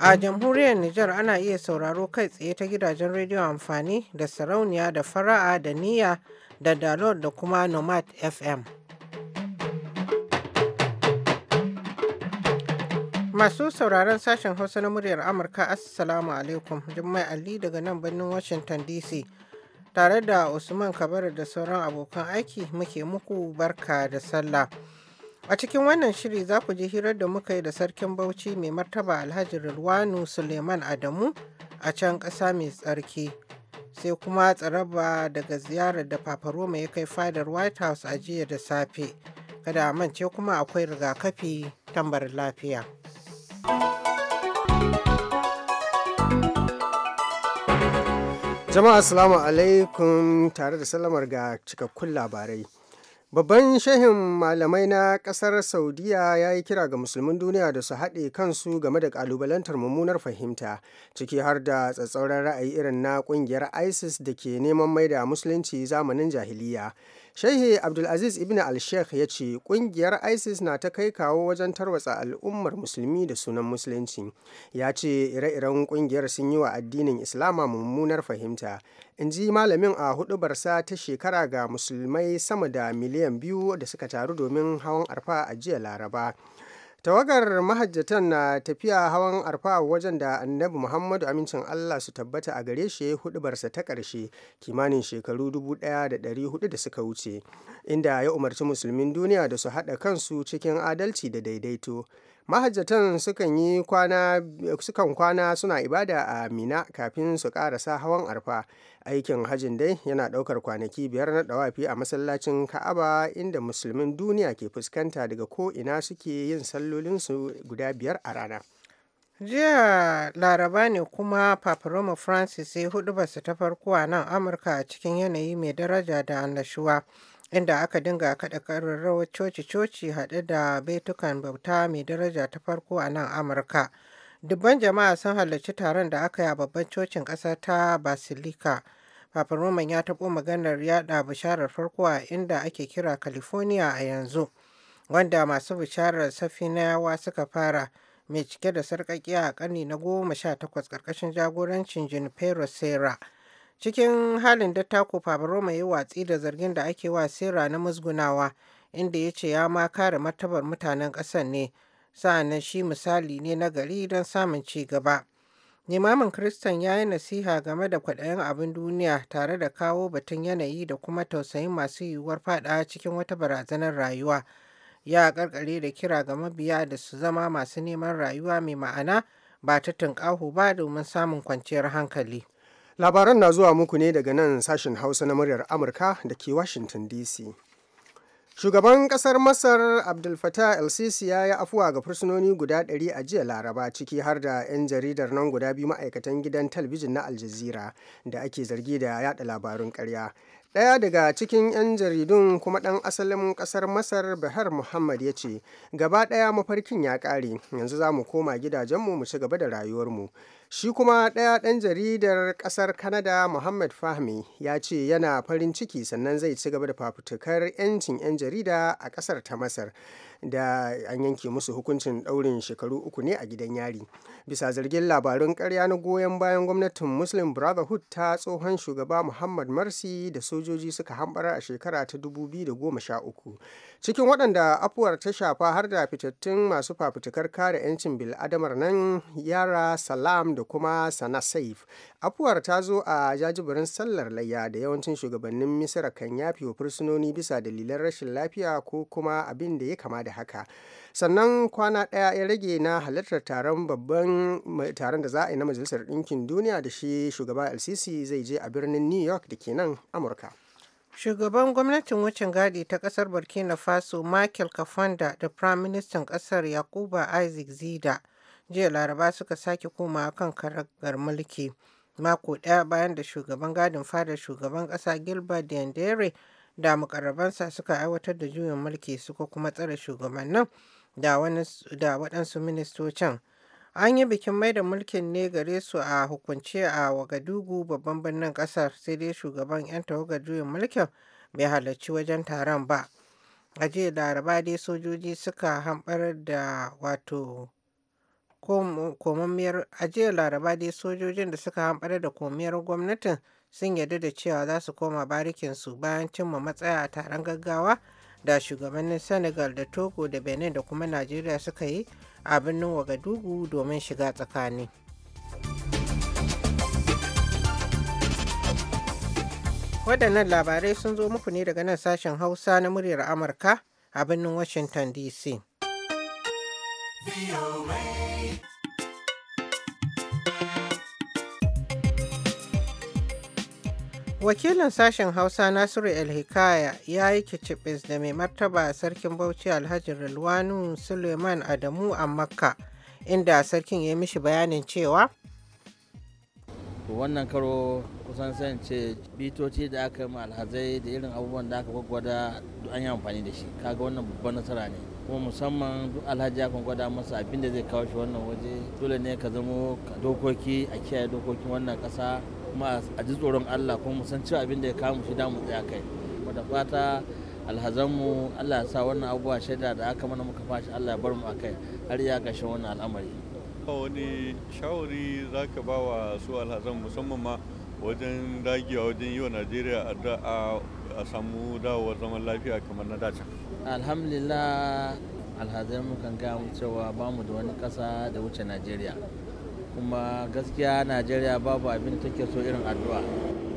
A jamhuriyar Nijar ana iya sauraro kai tsaye ta gidajen rediyo amfani da sarauniya da fara'a da niyya da dalot da kuma nomad FM. Masu sauraron sashen Hausa na muryar Amurka Assalamu alaikum Jummai Ali daga nan birnin Washington DC tare da Usman Kabar da sauran abokan aiki muke muku barka da sallah. A cikin wannan shiri za ku ji hirar da muka yi da sarkin Bauchi mai martaba Alhaji Rilwanu Suleiman Adamu a can ƙasa mai tsarki. Sai kuma tsaraba daga ziyarar da Paparoma ya kai fadar White House a jiya da safe. Kada mance kuma akwai rigakafi tambar lafiya. Jama'a Assalamu alaikum tare da salamar ga cikakkun labarai. Babban shehin malamai na ƙasar Saudiya ya yi kira ga musulmin duniya da su haɗe kansu game da ƙalubalantar mummunar fahimta, ciki har da tsatsauran ra'ayi irin na ƙungiyar ISIS da ke neman maida musulunci zamanin jahiliya. Shehi Abdulaziz Ibn al-Sheikh ya ce kungiyar ISIS na ta kai kawo wajen tarwatsa al'ummar musulmi da sunan musulunci. Ya ce ire-iren kungiyar sun yi wa addinin Islama mummunar fahimta. In ji malamin a barsa ta shekara ga musulmai sama da miliyan biyu da suka taru domin hawan arfa a jiya Laraba. tawagar mahajjatan na tafiya hawan arfa wajen da annabi muhammadu amincin allah su tabbata a gare shi hudubarsa ta karshe kimanin shekaru 1400 da suka wuce inda ya umarci musulmin duniya da su haɗa kansu cikin adalci da daidaito mahajjatan sukan yi kwana sukan kwana suna ibada a mina kafin su karasa hawan arfa aikin hajin dai yana daukar kwanaki biyar na dawafi a masallacin ka'aba inda musulmin duniya ke fuskanta daga ko ina suke yin sallolinsu guda biyar a rana jiya laraba ne kuma paparoma francis ya hudu basu ta farko a nan amurka a cikin yanayi mai daraja da annashuwa inda aka dinga kaɗa ƙararrawar coci-coci haɗe da baitukan bauta mai daraja ta farko a nan amurka dubban jama'a sun halarci taron da aka yi a babban cocin ƙasa ta basilika kafin Roman ya taɓo maganar yaɗa bisharar farko a inda ake kira California a yanzu, wanda masu bisharar safi na yawa suka fara mai cike da sarƙaƙiya a ƙarni na goma sha takwas ƙarƙashin jagorancin Junipero sera Cikin halin da dattako Fabaroma mai watsi da zargin da ake wa Sera na musgunawa inda ya ce ya ma kare martabar mutanen ƙasar ne, sa'annan shi misali ne na gari don samun ci gaba. Limamin Kiristan ya yi nasiha game da kwaɗayin abin duniya tare da kawo batun yanayi da kuma tausayin masu yiwuwar faɗa cikin wata barazanar rayuwa. Ya ƙarƙare da kira ga mabiya da su zama masu neman rayuwa mai ma'ana ba ta tunƙahu ba domin samun kwanciyar hankali. labaran na zuwa muku ne daga nan sashen hausa na muryar amurka da ke washington dc shugaban kasar masar abdul fattah el sisi ya yi afuwa ga fursunoni guda 100 a jiya laraba ciki har da 'yan jaridar nan guda biyu ma'aikatan gidan talbijin na aljazira da ake zargi da yada labarun karya Ɗaya daga cikin 'yan jaridun kuma ɗan asalin ƙasar Masar Bahar Muhammad ya ce, Gaba ɗaya mafarkin ya ƙare, yanzu za mu koma gidajenmu mu ci gaba da rayuwarmu. Shi kuma ɗaya ɗan jaridar ƙasar kanada Muhammad Fahmi ya ce yana farin ciki sannan zai ci gaba da fafutukar 'yancin 'yan jarida a ƙasar ta Masar da an yanke musu hukuncin ɗaurin shekaru uku ne a gidan yari. Bisa zargin labarun karya na goyon bayan gwamnatin Muslim Brotherhood ta tsohon shugaba Muhammad marsi da sojoji suka hambara a shekara ta 2013. cikin waɗanda afuwar ta shafa har da fitattun masu fafutukar kare 'yancin bil'adamar nan yara salam da kuma sana saif afuwar ta zo a jajibirin sallar layya da yawancin shugabannin misira kan yafi wa fursunoni bisa dalilan rashin lafiya ko kuma abin da ya kama da haka sannan kwana ɗaya ya rage na halartar taron babban taron da za a yi na majalisar ɗinkin duniya da shi shugaba lcc zai je a birnin new york da ke nan amurka Shugaban gwamnatin wucin gadi ta kasar Burkina Faso Michael Kafanda da Firaministan kasar Yakuba Isaac Zida jiya Laraba suka sake koma kan karagar mulki. Mako ɗaya bayan da shugaban gadin fadar shugaban ƙasa Gilbert Diendere da mukarrabansa suka aiwatar da juyin mulki suka kuma tsare shugabannin da waɗansu ministocin. An yi bikin mai da mulkin ne gare su a hukunce a Wagadugu babban birnin kasar sai dai shugaban 'yan tawagar juyin mulkin bai halarci wajen taron ba. A jiya laraba dai sojoji suka hambar da wato komammiyar a jiya laraba dai sojojin da suka hambar da komiyar gwamnatin sun yarda da cewa za su koma barikinsu bayan cimma matsaya a taron gaggawa da shugabannin senegal da togo da benin da kuma najeriya suka yi a birnin wagadugu domin shiga tsakani waɗannan labarai sun zo muku ne daga nan sashen hausa na muryar amurka a birnin washington dc Wakilin sashen Hausa Nasiru El-Hikaya ya yi kicibis da mai martaba sarkin Bauchi Alhaji Rilwanu Suleiman Adamu a Makka, inda sarkin ya mishi bayanin cewa wannan karo kusan sai ce bitoci da aka yi alhazai da irin abubuwan da aka gwagwada duk an yi amfani da shi kaga wannan babban nasara ne kuma musamman duk alhaji akan gwada masa abin da zai kawo shi wannan waje dole ne ka zamo dokoki a kiyaye dokokin wannan kasa kuma a ji tsoron Allah kuma mu san cewa abin da ya kamu shi da mu tsaya kai wadda fata alhazanmu Allah ya sa wannan abubuwa shaida da aka mana muka fashi Allah ya bar mu akai har ya gashi wannan al'amari wani shawari za ka ba wa su alhazan musamman ma wajen dagewa wajen yi wa najeriya a samu dawowar zaman lafiya kamar na dace alhamdulillah alhazan mukan gaya mu cewa ba mu da wani kasa da wuce najeriya kuma gaskiya najeriya babu abin da take so irin addu'a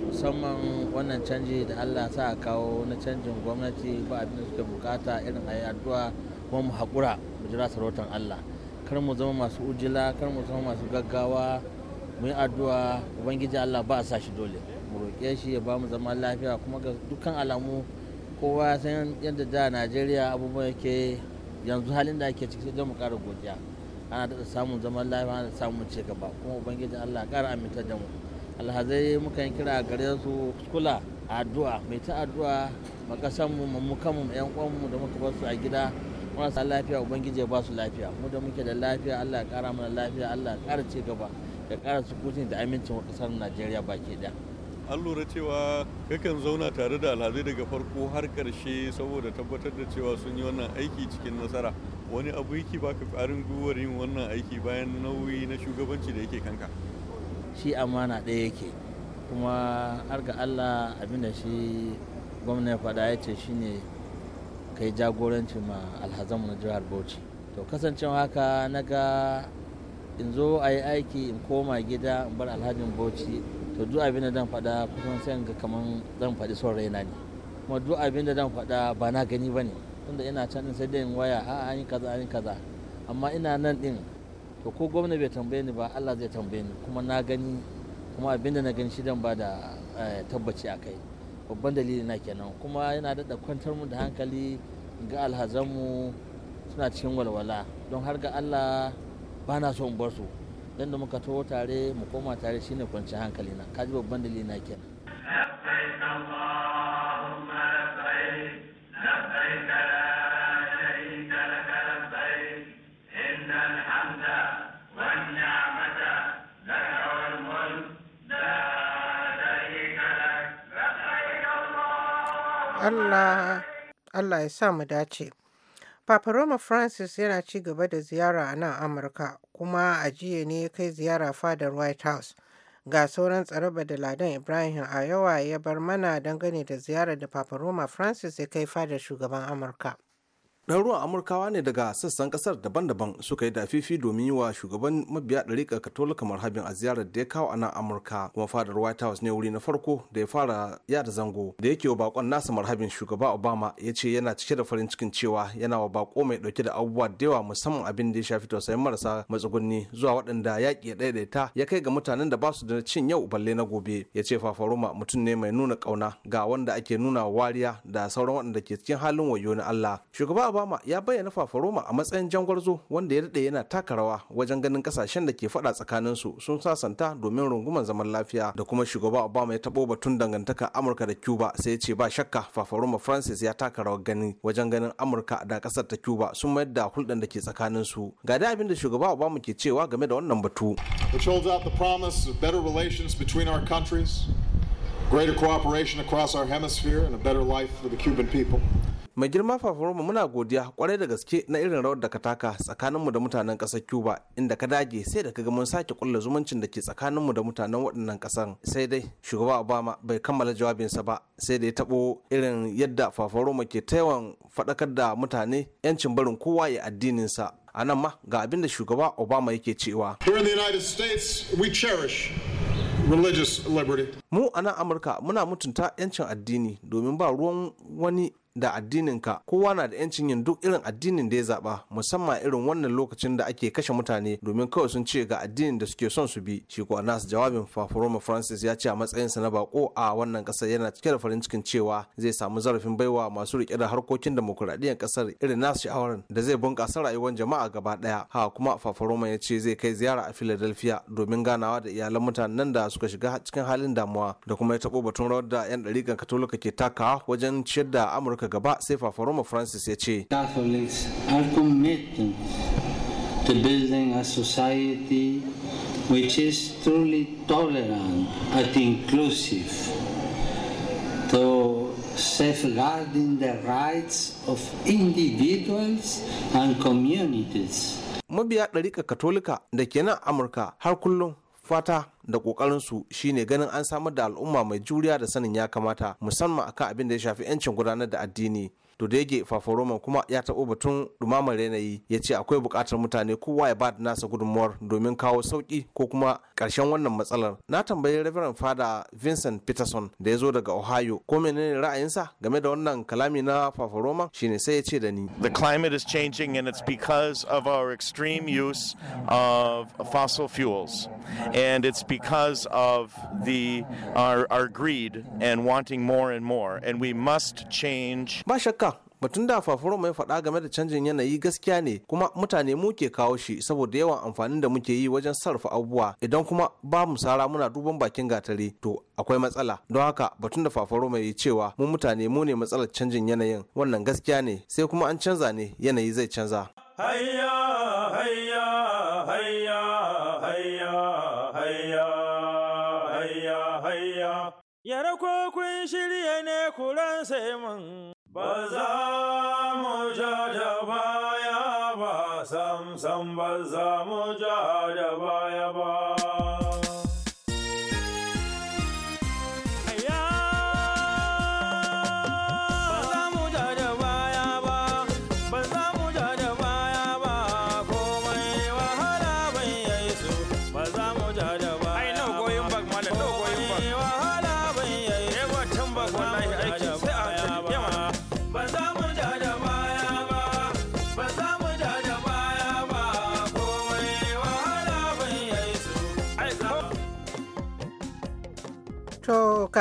musamman wannan canji da allah sa a kawo na canjin gwamnati ba abin da suke bukata irin a yi addu'a kuma mu haƙura mu jira sarautar allah kar mu zama masu ujila kar mu zama masu gaggawa mu yi addu'a ubangiji allah ba a sa shi dole mu roƙe shi ya ba mu zama lafiya kuma ga dukkan alamu kowa san yadda da najeriya abubuwan yake yanzu halin da ake ciki sai mu ƙara godiya ana daɗa samun zaman lafiya ana samun ci gaba kuma ubangiji Allah ƙara aminta da mu alhazai muka yi kira gare su kula addu'a mai ta addu'a ma kasan mu mu kanmu yan uwan mu da muka bar su a gida sa lafiya ubangiji ya ba su lafiya mu da muke da lafiya Allah ya ƙara mana lafiya Allah ya ƙara ci gaba ya ƙara kucin da amincin ƙasar Najeriya baki ɗaya. an lura cewa kakan zauna tare da alhazai daga farko har karshe saboda tabbatar da cewa sun yi wannan aiki cikin nasara wani abu yake baka ƙarin gwiwar yin wannan aiki bayan nauyi na shugabanci da yake kanka shi amana ɗaya yake kuma har ga allah abinda shi gwamna ya faɗa ya ce shine kai jagoranci ma alhazanmu na jihar bauchi to kasancewa haka na ga in zo a yi aiki in koma gida in bar alhajin bauchi to duk abin da zan faɗa kusan sai ga kamar zan faɗi son raina ne kuma duk abinda da zan faɗa ba na gani ba ne tunda ina can din sai dai in waya a an yi kaza an yi kaza amma ina nan din to ko gwamna bai tambaye ni ba Allah zai tambaye ni kuma na gani kuma abin da na gani shi dan ba da eh, tabbaci a kai babban dalili na kenan kuma yana daɗa kwantar mu da hankali ga alhazanmu suna cikin walwala don har ga Allah ba na so in bar su dan da muka taho tare mu koma tare shine kwanci hankali na kaji babban dalili na kenan Allah Allah ya sa mu dace. Papa Roma Francis yana ci gaba da ziyara a nan Amurka kuma a jiya ne ya kai ziyara fadar White House. Ga sauran tsaraba da Ladan Ibrahim a yawa ya bar mana dangane da ziyarar da Papa Roma Francis ya kai fadar shugaban Amurka. ruwan amurkawa ne daga sassan ƙasar daban-daban suka yi dafifi domin yi wa shugaban mabiya ɗariƙar katolika marhabin a ziyarar da ya kawo a nan amurka kuma fadar white house ne wuri na farko da ya fara yada zango da yake wa bakon nasa marhabin shugaba obama ya ce yana cike da farin cikin cewa yana wa bako mai ɗauke da abubuwa da yawa musamman abin da ya shafi tausayin marasa matsugunni zuwa waɗanda yaƙi ya ɗaiɗaita ya kai ga mutanen da ba su da cin yau balle na gobe ya ce fafaroma mutum ne mai nuna ƙauna ga wanda ake nuna wariya da sauran waɗanda ke cikin halin wayo na allah shugaba obama ya bayyana fafaroma a matsayin jangwarzo wanda ya daɗe yana taka rawa wajen ganin kasashen da ke faɗa su sun sasanta domin runguman zaman lafiya da kuma shugaba obama ya taɓo batun dangantaka amurka da cuba sai ya ce ba shakka fafaroma francis ya taka rawar gani wajen ganin amurka da ƙasar ta cuba sun mayar da hulɗan da ke tsakaninsu ga da abin da shugaba obama ke cewa game da wannan batu which holds the promise of better relations between our countries greater cooperation across our hemisphere and a better life for the cuban people mai girma faforoma muna godiya kwarai da gaske na irin rawar da ka taka tsakaninmu da mutanen ƙasar cuba inda ka dage sai da kaga mun sake kulla zumuncin da ke tsakaninmu da mutanen waɗannan ƙasan sai dai shugaba obama bai kammala jawabinsa ba sai da ya taɓo irin yadda faforoma ke ta yawan faɗakar da mutane 'yancin barin kowa ya addininsa a nan ma ga abin da shugaba obama yake cewa religious liberty. Mu a nan Amurka muna mutunta 'yancin addini domin ba ruwan wani da addininka kowa na da yancin yin duk irin addinin da ya zaba musamman irin wannan lokacin da ake kashe mutane domin kawai sun ce ga addinin da suke son su bi shi ko nas jawabin fafaroma francis ya ce a matsayinsa na bako a wannan kasar yana cike da farin cikin cewa zai samu zarafin baiwa masu rike da harkokin demokuraɗiyyar kasar irin nasu sha'awar da zai bunƙasa rayuwar jama'a gaba ɗaya ha kuma fafaroma ya ce zai kai ziyara a philadelphia domin ganawa da iyalan mutanen nan da suka shiga cikin halin damuwa da kuma ya taɓo batun rawar da 'yan ɗarikan katolika ke takawa wajen ciyar da amurka amurka gaba sai fafaroma francis ya ce catholics are committed to building a society which is truly tolerant and inclusive to safeguarding the rights of individuals and communities mabiya ɗarika katolika da ke nan amurka har kullum fata da kokarinsu shine ganin an samar da al'umma mai juriya da sanin ya kamata musamman akan abin da ya shafi 'yancin gudanar da addini to kuma mutane ya nasa domin kawo ko kuma wannan matsalar na tambayi reverend vincent peterson da daga ohio ko menene ra'ayinsa game da wannan kalami na shine sai ya ce da ni the climate is changing and it's because of our extreme use of fossil fuels and it's because of the our, our greed and wanting more and more and we must change ba shakka batun da fafuro mai faɗa game da canjin yanayi gaskiya ne kuma mutane mu ke kawo shi saboda yawan amfanin da muke yi wajen sarrafa abubuwa idan kuma ba mu sara muna duban bakin gatari to akwai matsala don haka batun da fafuro mai cewa mu mutane mu ne matsalar canjin yanayin wannan gaskiya ne sai kuma an canza ne yanayi zai canza hayya hayya hayya yara ko kun ne kuran sai mun ba za ba sam sam ba za ba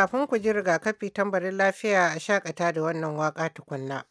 kafin ku ji rigakafi tambarin lafiya a shakata da wannan waka tukunna.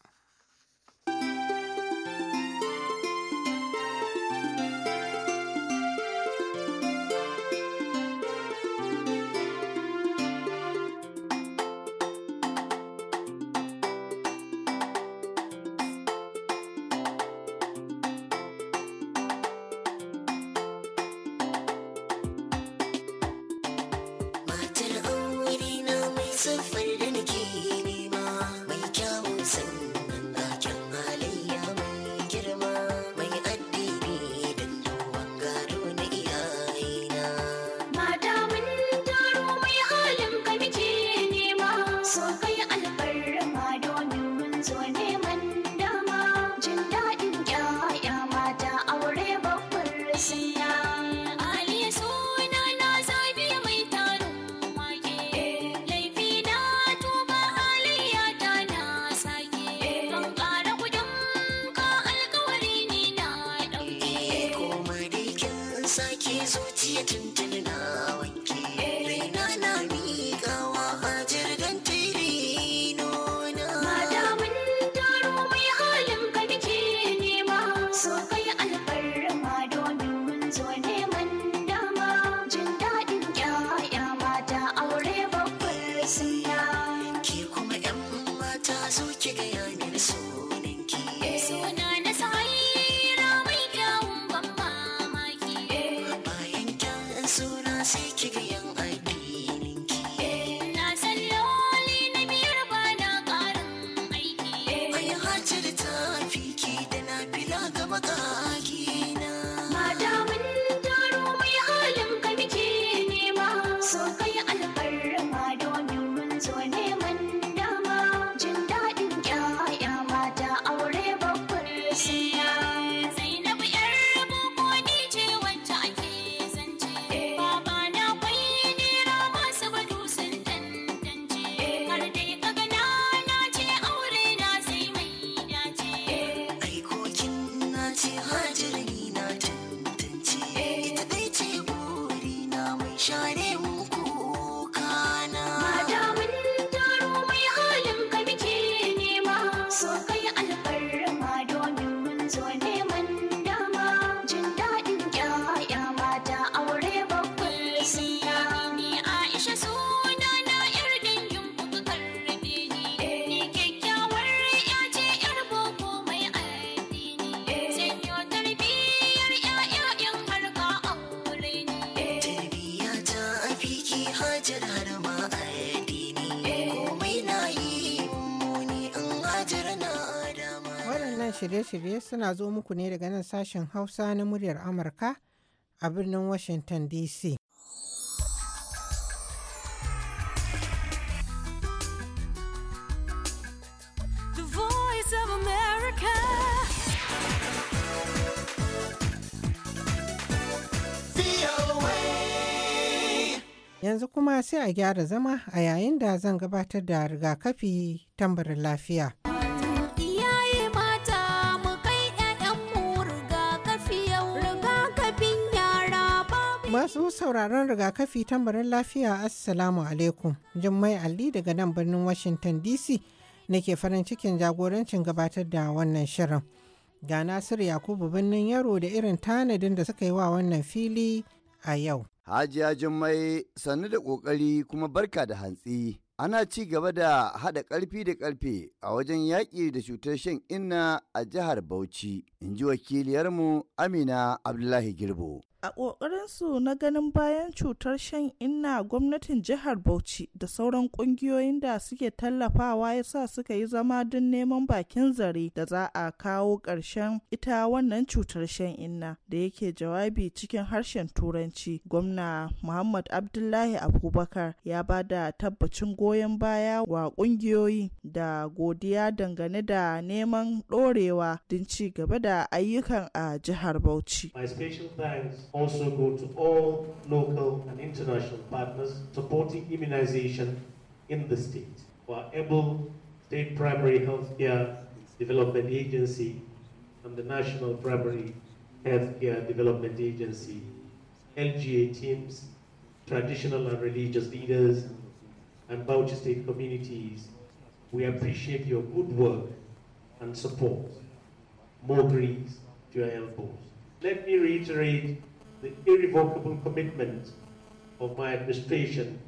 shirye-shirye suna zo muku ne daga nan sashen Hausa na muryar Amurka a birnin Washington DC. yanzu kuma sai a gyara zama a yayin da zan gabatar da rigakafi tambarin lafiya. masu sauraron rigakafi tambarin lafiya assalamu alaikum jummai Alli daga nan birnin washington dc na ke farin cikin jagorancin gabatar da wannan shirin ga nasiru yakubu birnin yaro da irin tanadin da suka yi wa wannan fili a yau hajiya jummai sannu da kokari kuma barka da hantsi ana ci gaba da haɗa ƙarfi da ƙarfe a wajen yaƙi da cutar shan inna a jihar Bauchi, in ji wakiliyarmu Amina Abdullahi Girbo. a ƙoƙarinsu na ganin bayan cutar shan inna gwamnatin jihar bauchi da sauran ƙungiyoyin da suke tallafawa ya sa suka yi zama don neman bakin zare da za a kawo ƙarshen ita wannan cutar shan inna da yake jawabi cikin harshen turanci gwamna muhammad abdullahi abubakar ya ba da tabbacin goyon baya wa ƙungiyoyi da godiya dangane da neman ɗorewa don ci gaba da ayyukan a jihar bauchi also go to all local and international partners supporting immunization in the state. For EBL, State Primary Healthcare Development Agency, and the National Primary Healthcare Development Agency, LGA teams, traditional and religious leaders, and Bauchi State communities, we appreciate your good work and support. More greens to your elbows. Let me reiterate the irrevocable commitment of my administration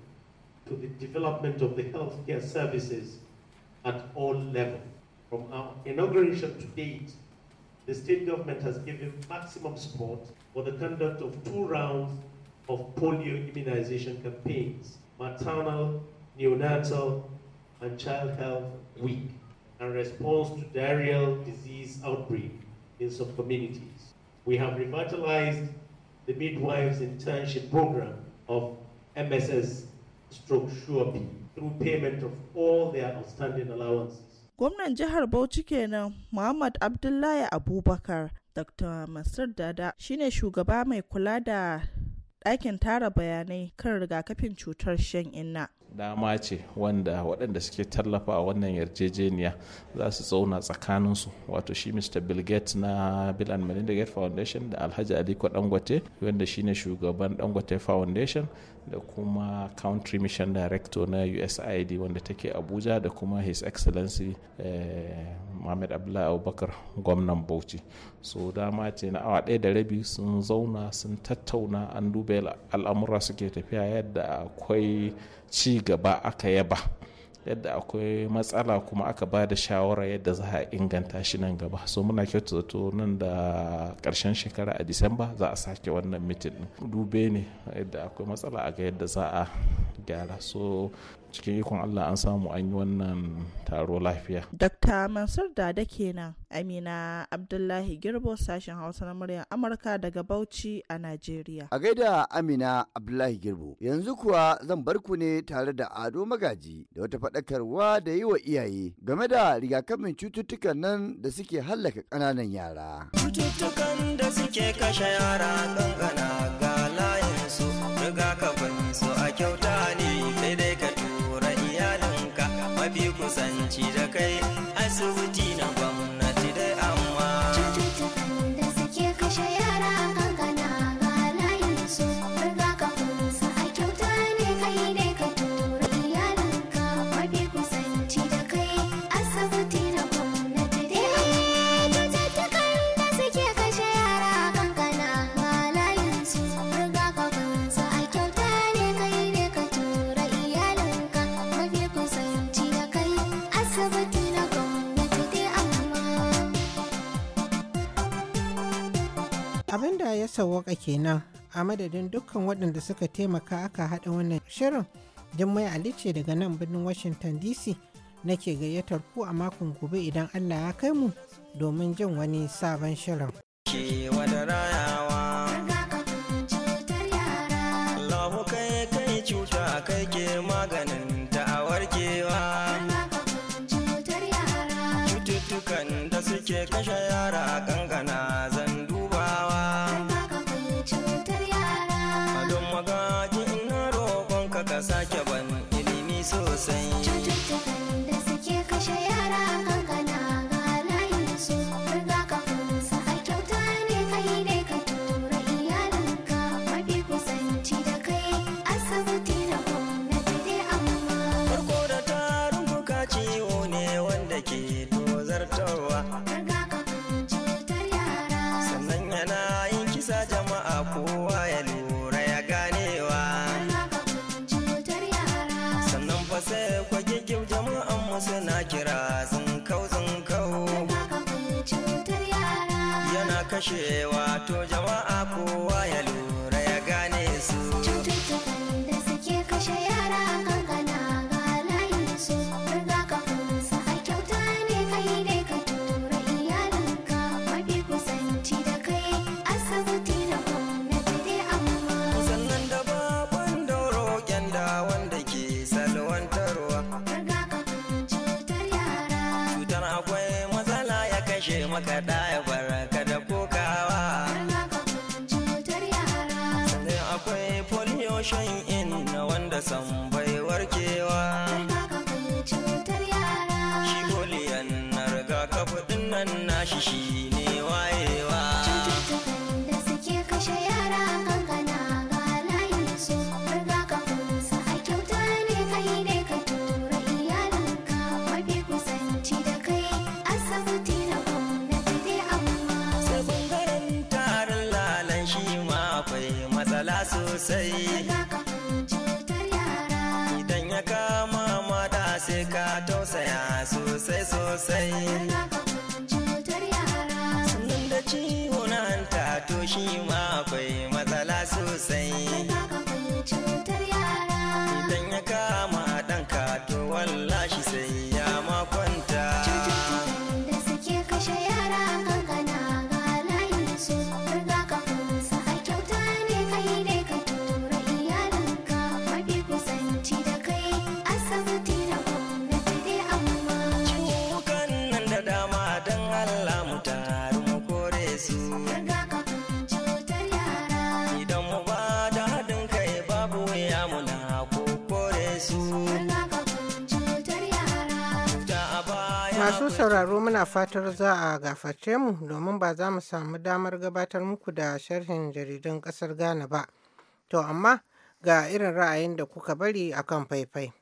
to the development of the healthcare services at all levels. From our inauguration to date, the state government has given maximum support for the conduct of two rounds of polio immunization campaigns, maternal, neonatal, and child health week, and response to diarrheal disease outbreak in some communities. We have revitalized the midwives internship program of MSS stroke Shuabi through payment of all their outstanding allowances. Gwamnan jihar Bauchi kenan Muhammad Abdullahi Abubakar Dr. Masar Dada shine shugaba mai kula da ɗakin tara bayanai kan rigakafin cutar shan inna. dama ce wanda waɗanda suke tallafa a wannan yarjejeniya za su tsauna tsakaninsu wato shi mr bill gates na bill and melinda gates foundation da alhaji aliko dangote wanda shine shugaban dangote foundation da kuma country mission director na usaid wanda take abuja da kuma his excellency eh, mohamed abdullahi abubakar gwamnan bauchi so dama ce na awa ɗaya da rabi sun zauna sun tattauna an duba al'amura suke tafiya yadda akwai ci gaba aka yaba yadda akwai matsala kuma aka ba da shawara yadda za a inganta shi nan gaba so muna kyautu zato nan da karshen shekara a disamba za a sake wannan mitin dube ne yadda akwai matsala a ga yadda za a gyara so cikin ikon Allah an samu an yi wannan taro lafiya. Dr. Mansur Dada kenan Amina Abdullahi Girbo sashen Hausa na muryar Amurka daga Bauchi a Najeriya. A gaida Amina Abdullahi Girbo yanzu kuwa zan bar ku ne tare da Ado Magaji da wata faɗakarwa da yi wa iyaye game da rigakafin cututtukan nan da suke hallaka ƙananan yara. Cututtukan da suke kashe yara ga layin su rigakafin su a kyauta. kusanci da kai asibiti na ya sawwaka kenan a madadin dukkan waɗanda suka taimaka aka haɗa wannan shirin jimmai ali ce daga nan birnin washington dc nake gayyatar ku a makon gobe idan allah ya kai mu domin jin wani sabon shirin sai kwa kikim jama'an mu suna kira zinkau zinkau yana kashewa Masu sauraro muna fatar za a gafarce mu domin ba za mu samu damar gabatar muku da sharhin jaridun kasar Ghana ba. To amma ga irin ra'ayin da kuka bari a kan faifai.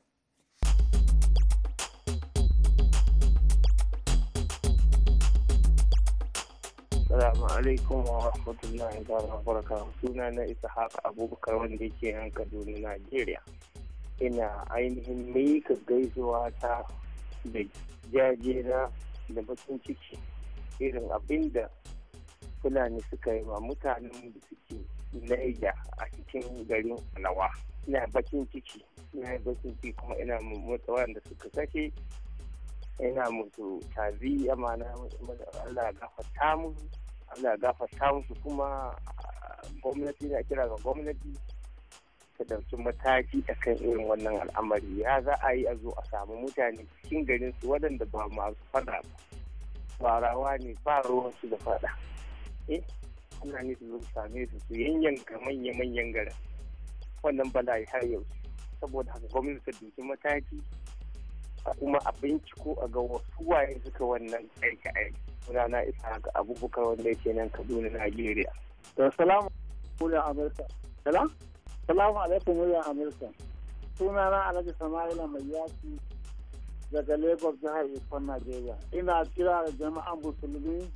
Assalamu alaikum wa rahmatullahi wa barakatuh. Suna na isa haka Abubakar wanda yake yan Kaduna, Najeriya. Ina ainihin mika gaisuwa ta da jajera da bakin ciki irin abinda da fulani suka yi wa mutanen da suke naija a cikin garin alawa ina bakin ciki ina bakin ciki kuma ina motsa wanda suka sake ina mutu tazi amana Allah gafarta mu Allah gafarta mu kuma gwamnati na kira ga gwamnati ta ɗauki mataki a kan irin wannan al'amari ya za a yi a zo a samu mutane cikin garin su waɗanda ba masu faɗa ba farawa ne ba ruwan su da faɗa eh ana ne su zo same su su yanyanka manya-manyan garin wannan bala'i har yau saboda haka gwamnati ta ɗauki mataki kuma a binciko a ga wasu waye suka wannan aiki-aiki na isa ga abubakar wanda yake nan kaduna nigeria. da salamu kula amurka Salamu alaikum muryar Amurka. Suna na Alhaji Sama'ila mai yaki daga Lagos jihar Ikon Najeriya. Ina kira da jama'an musulmi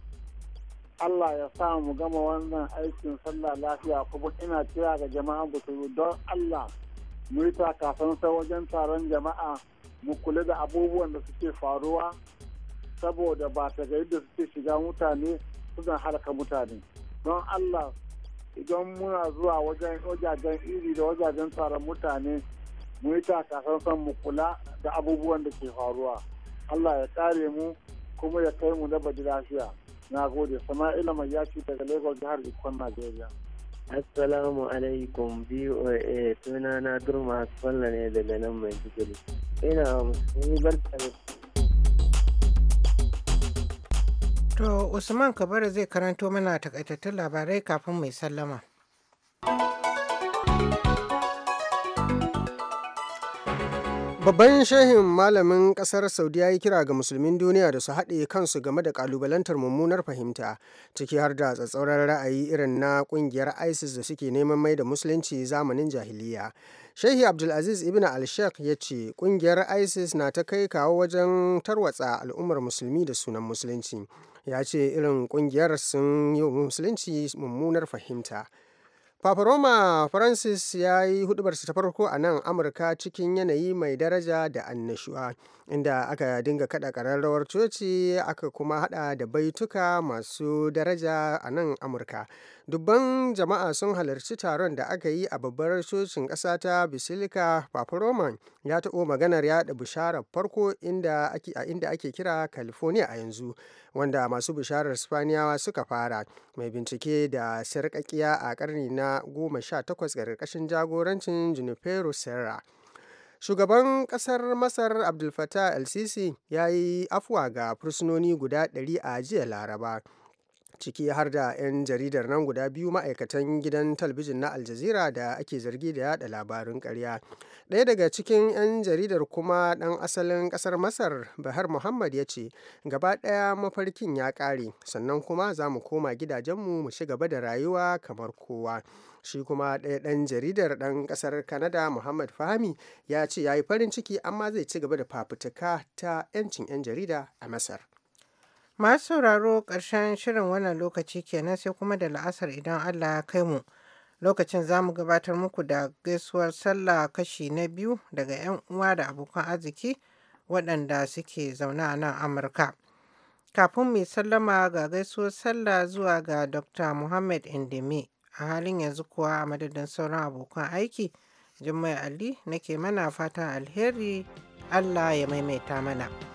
Allah ya sa mu gama wannan aikin sallah lafiya kuma ina kira ga jama'an musulmi don Allah mu yi takasansa wajen taron jama'a mu kula da abubuwan da suke faruwa saboda ba ta gari da suke shiga mutane suna halaka mutane don Allah idan muna zuwa wajen wajajen iri da wajajen tsaron mutane mu yi takasan mu kula da abubuwan da ke faruwa allah ya kare mu kuma ya kai mu na baji lafiya na gode sama'ila mai yaci daga lagos jihar ikon najeriya Assalamu alaikum VOA sunana Durma Hasfalla ne daga nan mai Maiduguri. Ina musulmi barka To Usman Kabara zai karanto mana takaitattun labarai kafin mai sallama. Babban shehin malamin kasar Saudi ya yi kira ga musulmin duniya da su haɗe kansu game da ƙalubalantar mummunar fahimta, ciki har da tsatsauran ra'ayi irin na ƙungiyar ISIS da suke neman mai da musulunci zamanin jahiliya. Shehi Abdulaziz Ibn Al-Sheikh ya ce ƙungiyar ISIS na ta kai kawo wajen tarwatsa al'ummar musulmi da sunan musulunci. Ya ce irin ƙungiyar sun yi musulunci mummunar fahimta. Papa Roma Francis ya yi huɗubarsa ta farko a nan Amurka cikin yanayi mai daraja da annashuwa, inda aka dinga kada kararrawar coci aka kuma hada da baituka masu daraja a nan Amurka. dubban jama'a sun halarci taron da aka yi a babbar cocin ƙasa ta basilica papa roman ya taɓo maganar yaɗa bisharar farko inda ake a inda ake kira california a yanzu wanda masu bisharar spaniyawa suka fara mai bincike da sarƙaƙiya a ƙarni na goma sha takwas ƙarƙashin jagorancin junipero serra shugaban kasar masar abdul fattah el sisi ya yi afuwa ga fursunoni guda ɗari a jiya laraba ciki har da 'yan jaridar nan guda biyu ma'aikatan gidan talabijin na aljazira da ake zargi da yada labarin karya ɗaya daga cikin 'yan jaridar kuma ɗan asalin ƙasar masar bahar muhammad ya ce gaba ɗaya mafarkin ya ƙare sannan kuma za mu koma gidajenmu mu ci gaba da rayuwa kamar kowa shi kuma ɗaya ɗan jaridar ɗan ƙasar kanada muhammad fahmi ya ce ya yi farin ciki amma zai ci gaba da fafutuka ta 'yancin 'yan jarida a masar Masu sauraro ƙarshen shirin wannan lokaci kenan sai kuma da la'asar idan Allah ya kai mu. Lokacin za mu gabatar muku da gaisuwar sallah kashi na biyu daga 'yan uwa da abokan arziki waɗanda suke zaune a nan Amurka. Kafin mai sallama ga gaisuwar sallah zuwa ga Dr. Muhammad Indimi a halin yanzu kuwa a madadin sauran abokan aiki. Jummai Ali nake mana fatan alheri Allah ya maimaita mana.